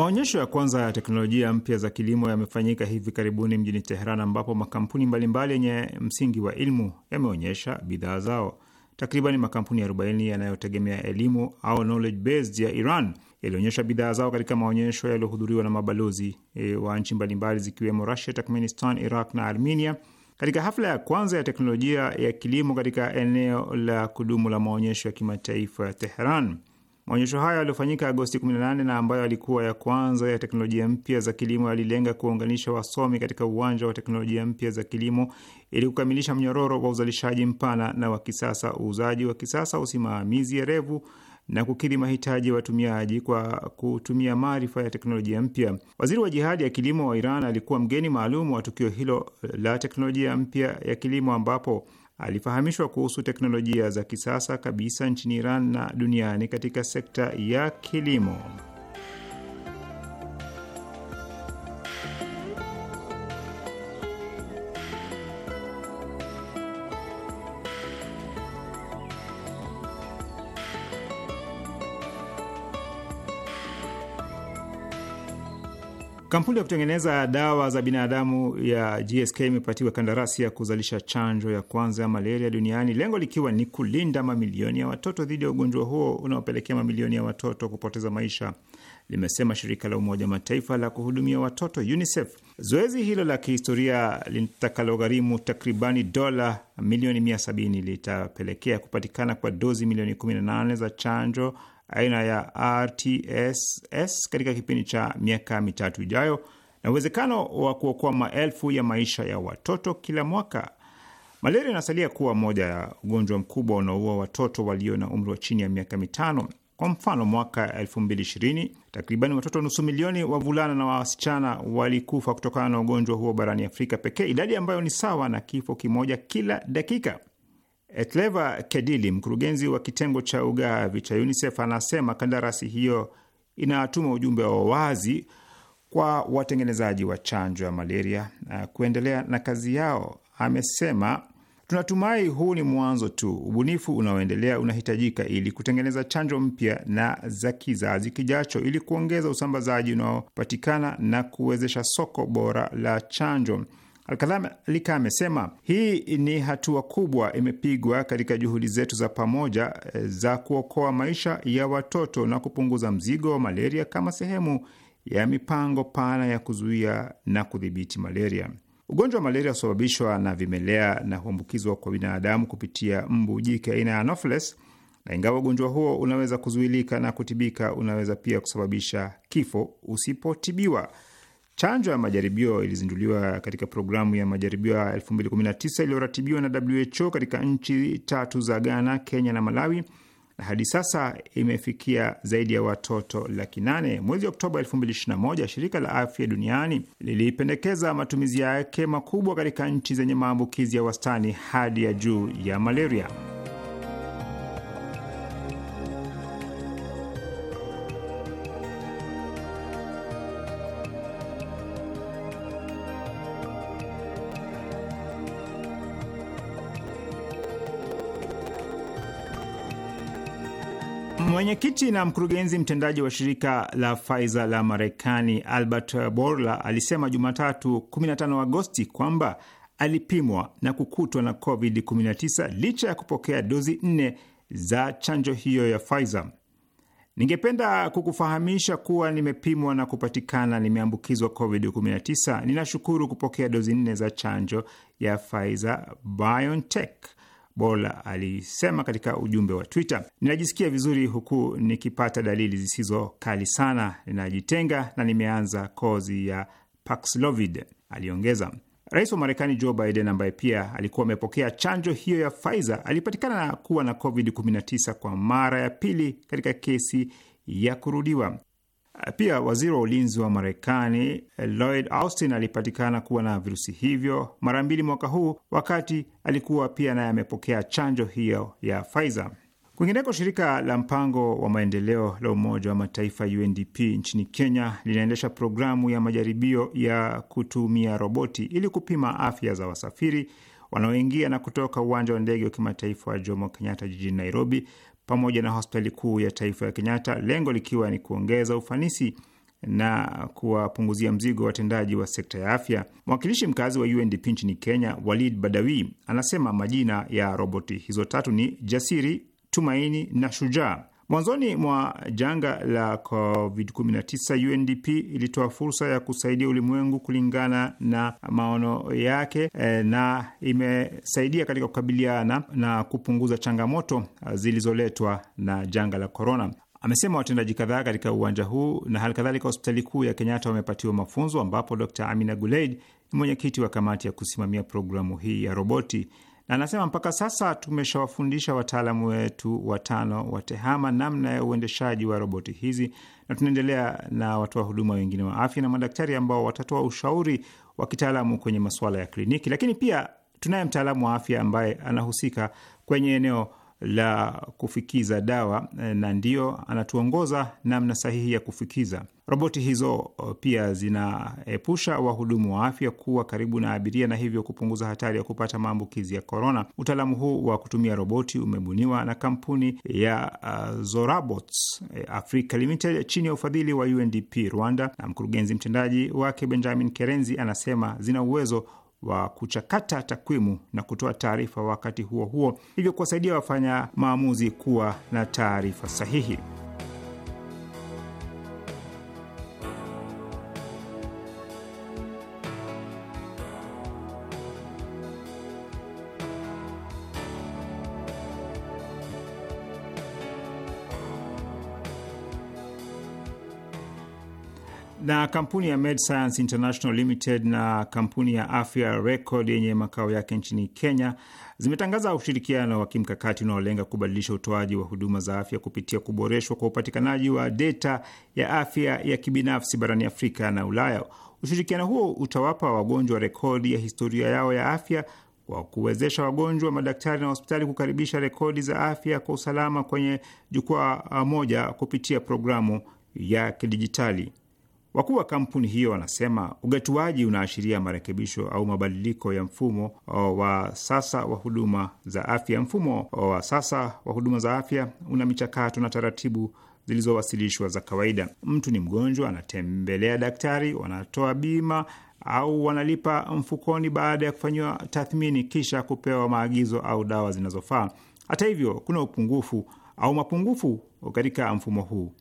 Maonyesho ya kwanza ya teknolojia mpya za kilimo yamefanyika hivi karibuni mjini Teheran, ambapo makampuni mbalimbali yenye msingi wa ilmu yameonyesha bidhaa zao. Takriban makampuni 40 yanayotegemea elimu au knowledge based ya Iran yalionyesha bidhaa zao katika maonyesho yaliyohudhuriwa na mabalozi e, wa nchi mbalimbali zikiwemo Russia, Turkmenistan, Iraq na Armenia katika hafla ya kwanza ya teknolojia ya kilimo katika eneo la kudumu la maonyesho ya kimataifa ya Teheran. Maonyesho hayo yaliyofanyika Agosti 18 na ambayo yalikuwa ya kwanza ya teknolojia mpya za kilimo yalilenga kuwaunganisha wasomi katika uwanja wa teknolojia mpya za kilimo ili kukamilisha mnyororo wa uzalishaji mpana na wa kisasa, uuzaji wa kisasa, usimamizi erevu na kukidhi mahitaji ya watumiaji kwa kutumia maarifa ya teknolojia mpya. Waziri wa jihadi ya kilimo wa Iran alikuwa mgeni maalum wa tukio hilo la teknolojia mpya ya kilimo ambapo alifahamishwa kuhusu teknolojia za kisasa kabisa nchini Iran na duniani katika sekta ya kilimo. Kampuni ya kutengeneza dawa za binadamu ya GSK imepatiwa kandarasi ya kuzalisha chanjo ya kwanza ya malaria duniani, lengo likiwa ni kulinda mamilioni ya watoto dhidi ya ugonjwa huo unaopelekea mamilioni ya watoto kupoteza maisha, limesema shirika la Umoja Mataifa la kuhudumia watoto UNICEF. Zoezi hilo la kihistoria litakalogharimu takribani dola milioni 170 litapelekea kupatikana kwa dozi milioni 18 za chanjo aina ya RTSS katika kipindi cha miaka mitatu ijayo na uwezekano wa kuokoa maelfu ya maisha ya watoto kila mwaka. Malaria inasalia kuwa moja ya ugonjwa mkubwa unaoua watoto walio na umri wa chini ya miaka mitano. Kwa mfano, mwaka 2020 takriban watoto nusu milioni wavulana na wasichana walikufa kutokana na ugonjwa huo barani Afrika pekee, idadi ambayo ni sawa na kifo kimoja kila dakika. Etleva Kedili, mkurugenzi wa kitengo cha ugavi cha UNICEF, anasema kandarasi hiyo inatuma ujumbe wa wazi kwa watengenezaji wa chanjo ya malaria kuendelea na kazi yao. Amesema, tunatumai huu ni mwanzo tu. Ubunifu unaoendelea unahitajika ili kutengeneza chanjo mpya na za kizazi kijacho, ili kuongeza usambazaji unaopatikana na kuwezesha soko bora la chanjo. Alkadhalika amesema hii ni hatua kubwa imepigwa katika juhudi zetu za pamoja eh, za kuokoa maisha ya watoto na kupunguza mzigo wa malaria kama sehemu ya mipango pana ya kuzuia na kudhibiti malaria. Ugonjwa wa malaria husababishwa na vimelea na huambukizwa kwa binadamu kupitia mbu jike aina ya Anopheles, na ingawa ugonjwa huo unaweza kuzuilika na kutibika, unaweza pia kusababisha kifo usipotibiwa. Chanjo ya majaribio ilizinduliwa katika programu ya majaribio ya 2019 iliyoratibiwa na WHO katika nchi tatu za Ghana, Kenya na Malawi, na hadi sasa imefikia zaidi ya watoto laki nane. Mwezi Oktoba 2021 shirika la afya duniani lilipendekeza matumizi yake makubwa katika nchi zenye maambukizi ya wastani hadi ya juu ya malaria. Mwenyekiti na mkurugenzi mtendaji wa shirika la Pfizer la Marekani Albert Bourla alisema Jumatatu 15 Agosti kwamba alipimwa na kukutwa na COVID-19 licha ya kupokea dozi nne za chanjo hiyo ya Pfizer. Ningependa kukufahamisha kuwa nimepimwa na kupatikana nimeambukizwa COVID-19. Ninashukuru kupokea dozi nne za chanjo ya Pfizer BioNTech Bola alisema katika ujumbe wa Twitter, ninajisikia vizuri huku nikipata dalili zisizo kali sana, ninajitenga na nimeanza kozi ya Paxlovid, aliongeza. Rais wa Marekani Joe Biden, ambaye pia alikuwa amepokea chanjo hiyo ya Pfizer, alipatikana na kuwa na COVID-19 kwa mara ya pili katika kesi ya kurudiwa. Pia waziri wa ulinzi wa Marekani eh, Lloyd Austin alipatikana kuwa na virusi hivyo mara mbili mwaka huu, wakati alikuwa pia naye amepokea chanjo hiyo ya Pfizer. Kwingineko, shirika la mpango wa maendeleo la Umoja wa Mataifa UNDP nchini Kenya linaendesha programu ya majaribio ya kutumia roboti ili kupima afya za wasafiri wanaoingia na kutoka uwanja wa ndege wa kimataifa wa Jomo Kenyatta jijini Nairobi pamoja na hospitali kuu ya taifa ya Kenyatta, lengo likiwa ni kuongeza ufanisi na kuwapunguzia mzigo watendaji wa sekta ya afya. Mwakilishi mkazi wa UNDP nchini Kenya, Walid Badawi, anasema majina ya roboti hizo tatu ni Jasiri, Tumaini na Shujaa. Mwanzoni mwa janga la COVID-19, UNDP ilitoa fursa ya kusaidia ulimwengu kulingana na maono yake eh, na imesaidia katika kukabiliana na kupunguza changamoto eh, zilizoletwa na janga la korona. Amesema watendaji kadhaa katika uwanja huu na hali kadhalika hospitali kuu ya Kenyatta wamepatiwa mafunzo, ambapo Dr Amina Guleid ni mwenyekiti wa kamati ya kusimamia programu hii ya roboti Anasema mpaka sasa tumeshawafundisha wataalamu wetu watano wa TEHAMA namna ya uendeshaji wa roboti hizi na tunaendelea na watoa huduma wengine wa afya na madaktari ambao watatoa ushauri wa kitaalamu kwenye masuala ya kliniki, lakini pia tunaye mtaalamu wa afya ambaye anahusika kwenye eneo la kufikiza dawa eh, na ndiyo anatuongoza namna sahihi ya kufikiza. Roboti hizo eh, pia zinaepusha wahudumu wa afya kuwa karibu na abiria na hivyo kupunguza hatari ya kupata maambukizi ya korona. Utaalamu huu wa kutumia roboti umebuniwa na kampuni ya uh, Zorabots Africa Limited chini ya ufadhili wa UNDP Rwanda, na mkurugenzi mtendaji wake Benjamin Kerenzi anasema zina uwezo wa kuchakata takwimu na kutoa taarifa wakati huo huo, hivyo kuwasaidia wafanya maamuzi kuwa na taarifa sahihi. na kampuni ya MedScience International Limited na kampuni ya Afya Record yenye makao yake nchini Kenya zimetangaza ushirikiano wa kimkakati unaolenga kubadilisha utoaji wa huduma za afya kupitia kuboreshwa kwa upatikanaji wa data ya afya ya kibinafsi barani Afrika na Ulaya. Ushirikiano huo utawapa wagonjwa rekodi ya historia yao ya afya kwa kuwezesha wagonjwa, madaktari na hospitali kukaribisha rekodi za afya kwa usalama kwenye jukwaa moja kupitia programu ya kidijitali. Wakuu wa kampuni hiyo wanasema ugatuaji unaashiria marekebisho au mabadiliko ya mfumo wa sasa wa huduma za afya. Mfumo wa sasa wa huduma za afya una michakato na taratibu zilizowasilishwa za kawaida. Mtu ni mgonjwa, anatembelea daktari, wanatoa bima au wanalipa mfukoni baada ya kufanyiwa tathmini, kisha kupewa maagizo au dawa zinazofaa. Hata hivyo, kuna upungufu au mapungufu katika mfumo huu.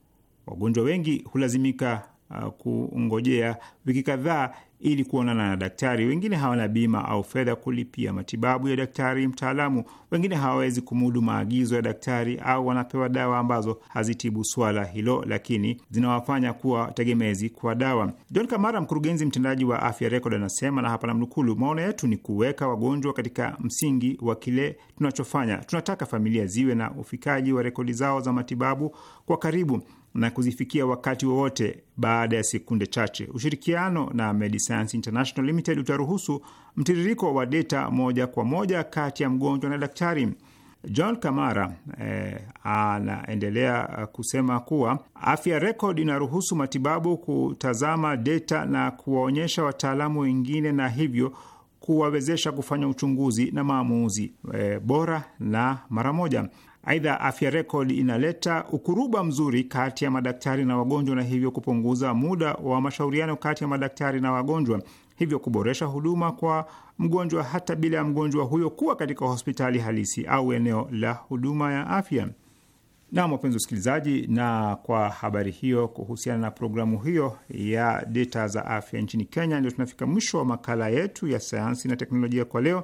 Wagonjwa wengi hulazimika Uh, kungojea wiki kadhaa ili kuonana na daktari. Wengine hawana bima au fedha kulipia matibabu ya daktari mtaalamu. Wengine hawawezi kumudu maagizo ya daktari au wanapewa dawa ambazo hazitibu swala hilo, lakini zinawafanya kuwa tegemezi kwa dawa. John Kamara, mkurugenzi mtendaji wa Afya Record, anasema na hapa namnukulu: maono yetu ni kuweka wagonjwa katika msingi wa kile tunachofanya. Tunataka familia ziwe na ufikaji wa rekodi zao za matibabu kwa karibu na kuzifikia wakati wowote baada ya sekunde chache. Ushirikiano na Mediscience International Limited utaruhusu mtiririko wa data moja kwa moja kati ya mgonjwa na daktari. John Kamara eh, anaendelea kusema kuwa afya rekod inaruhusu matibabu kutazama data na kuwaonyesha wataalamu wengine na hivyo kuwawezesha kufanya uchunguzi na maamuzi eh, bora na mara moja. Aidha, Afya rekodi inaleta ukuruba mzuri kati ya madaktari na wagonjwa na hivyo kupunguza muda wa mashauriano kati ya madaktari na wagonjwa, hivyo kuboresha huduma kwa mgonjwa hata bila ya mgonjwa huyo kuwa katika hospitali halisi au eneo la huduma ya afya. Naam, wapenzi wasikilizaji, na kwa habari hiyo kuhusiana na programu hiyo ya data za afya nchini Kenya, ndio tunafika mwisho wa makala yetu ya sayansi na teknolojia kwa leo.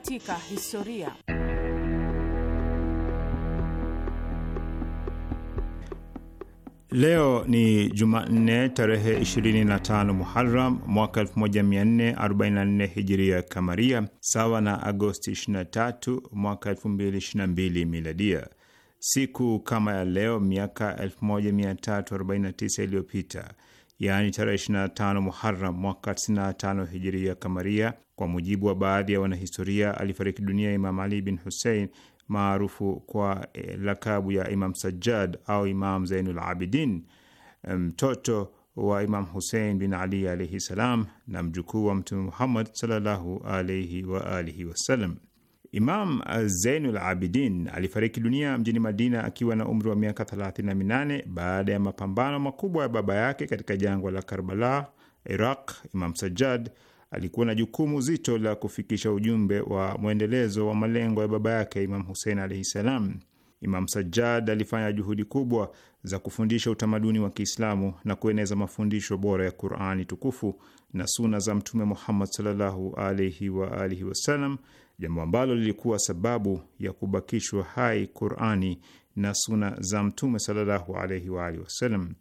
katika historia. Leo ni Jumanne tarehe 25 Muharram mwaka 1444 hijiria kamaria, sawa na Agosti 23 mwaka 2022 miladia. Siku kama ya leo miaka 1349 iliyopita yaani tarehe 25 muharam mwaka 95 hijiria kamaria. Kwa mujibu wa baadhi ya wanahistoria, alifariki dunia Imam Ali bin husein maarufu kwa eh, lakabu ya Imam Sajjad au Imam Zainul Abidin, mtoto wa Imam husein bin Ali alaihi salam na mjukuu wa Mtume Muhammad sallallahu alaihi wa alihi wasallam. Imam Zainul Abidin alifariki dunia mjini Madina akiwa na umri wa miaka 38 baada ya mapambano makubwa ya baba yake katika jangwa la Karbala, Iraq. Imam Sajjad alikuwa na jukumu zito la kufikisha ujumbe wa mwendelezo wa malengo ya baba yake Imam Husein alaihi salam. Imam Sajjad alifanya juhudi kubwa za kufundisha utamaduni wa Kiislamu na kueneza mafundisho bora ya Qurani tukufu na suna za Mtume Muhammad sallallahu alaihi wa alihi wasallam, jambo ambalo lilikuwa sababu ya kubakishwa hai Qurani na suna za Mtume sallallahu alaihi wa alihi wasallam.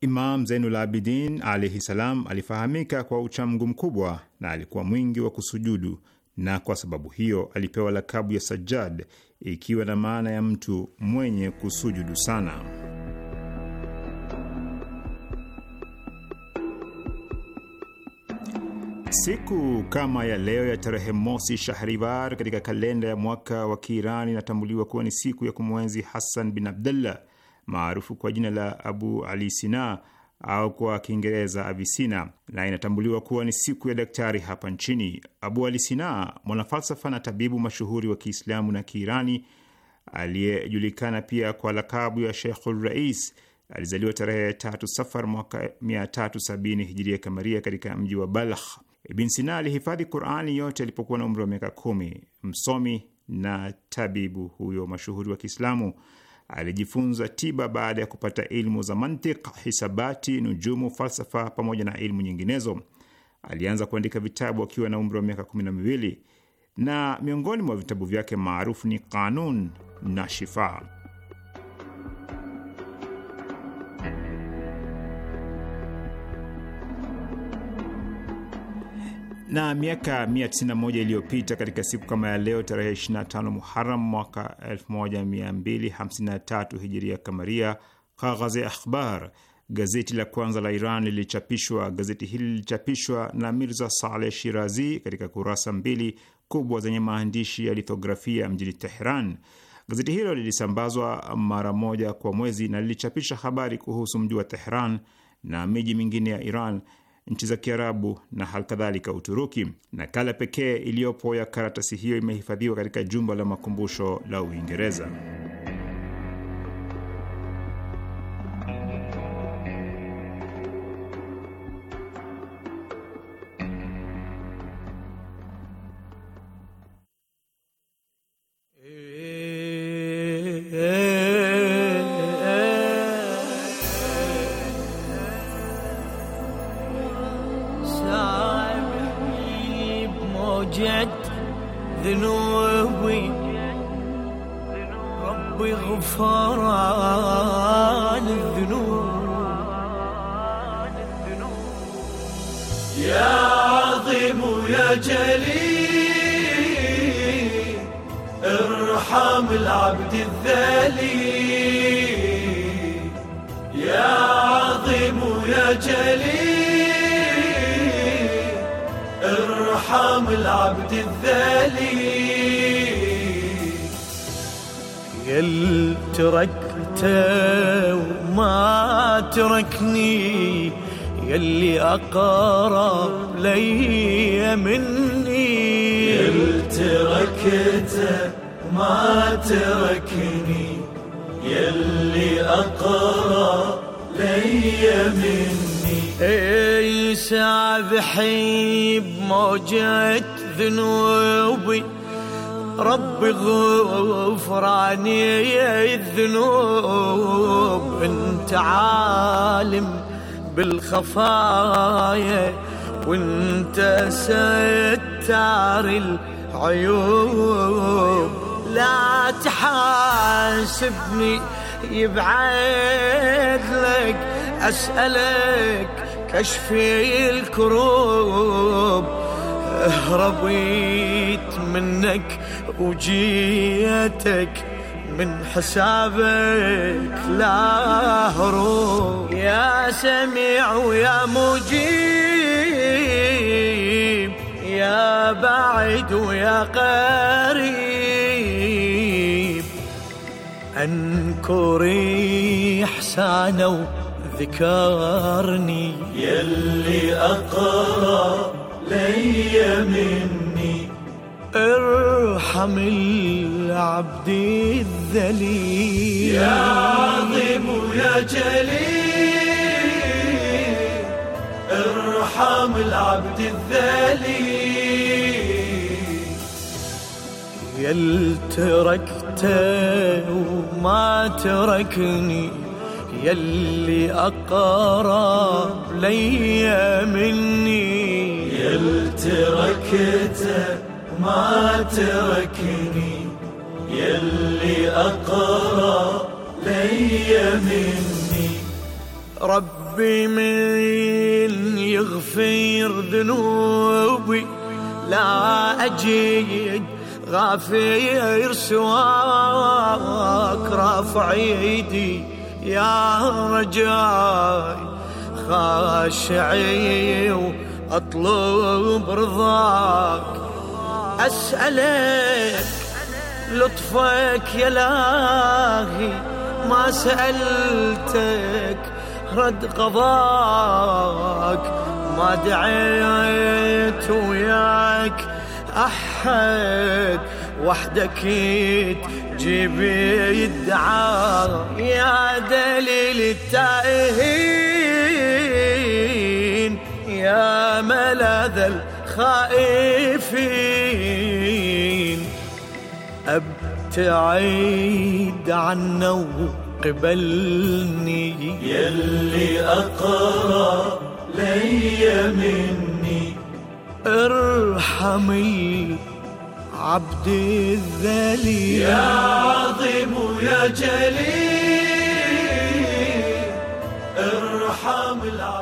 Imam Zainul Abidin alaihi salam alifahamika kwa uchamgu mkubwa na alikuwa mwingi wa kusujudu, na kwa sababu hiyo alipewa lakabu ya Sajjad, ikiwa na maana ya mtu mwenye kusujudu sana. Siku kama ya leo ya tarehe mosi Shahrivar katika kalenda ya mwaka wa Kiirani inatambuliwa kuwa ni siku ya kumwenzi Hassan bin Abdullah maarufu kwa jina la Abu Ali Sina, au kwa Kiingereza Avisina, na inatambuliwa kuwa ni siku ya daktari hapa nchini. Abu Ali Sina, mwanafalsafa na tabibu mashuhuri wa Kiislamu na Kiirani aliyejulikana pia kwa lakabu ya Sheikhul Rais alizaliwa tarehe tatu Safar mwaka 370 hijiria kamaria katika mji wa Balkh. Ibn Sina alihifadhi Qurani yote alipokuwa na umri wa miaka kumi. Msomi na tabibu huyo mashuhuri wa Kiislamu Alijifunza tiba baada ya kupata ilmu za mantiq, hisabati, nujumu, falsafa pamoja na ilmu nyinginezo. Alianza kuandika vitabu akiwa na umri wa miaka kumi na miwili na miongoni mwa vitabu vyake maarufu ni Qanun na shifaa na miaka 191 iliyopita katika siku kama ya leo tarehe 25 Muharam mwaka 1253 hijiria kamaria, Kaghaze Akhbar, gazeti la kwanza la Iran lilichapishwa. Gazeti hili lilichapishwa na Mirza Saleh Shirazi katika kurasa mbili kubwa zenye maandishi ya lithografia mjini Teheran. Gazeti hilo lilisambazwa mara moja kwa mwezi na lilichapisha habari kuhusu mji wa Teheran na miji mingine ya Iran nchi za Kiarabu na halikadhalika Uturuki. Nakala pekee iliyopo ya karatasi hiyo imehifadhiwa katika jumba la makumbusho la Uingereza. الذنوب انت عالم بالخفايا وانت ستار العيوب لا تحاسبني يبعد لك أسألك كشف الكروب اهربيت منك وجيتك من حسابك لا هروب يا سميع ويا مجيب يا بعيد ويا قريب أنكري احسانا وذكرني يلي أقرب لي من ارحم العبد الذليل يا عظيم يا جليل ارحم العبد الذليل يل تركته وما تركني يلي أقرب لي مني يل تركته ما تركني يلي أقرى لي مني ربي من يغفر ذنوبي لا أجيد غافير سواك رافع يدي يا رجاي خاشعي واطلب رضاك أسألك لطفك يا لاهي ما سألتك رد قضاك ما دعيت وياك أحد وحدك تجيب يدعى يا دليل التائهين يا ملاذ خائفين ابتعد عنا وقبلني يلي اقرب لي مني ارحمي عبد الذليل يا عظيم يا جليل ارحم العبد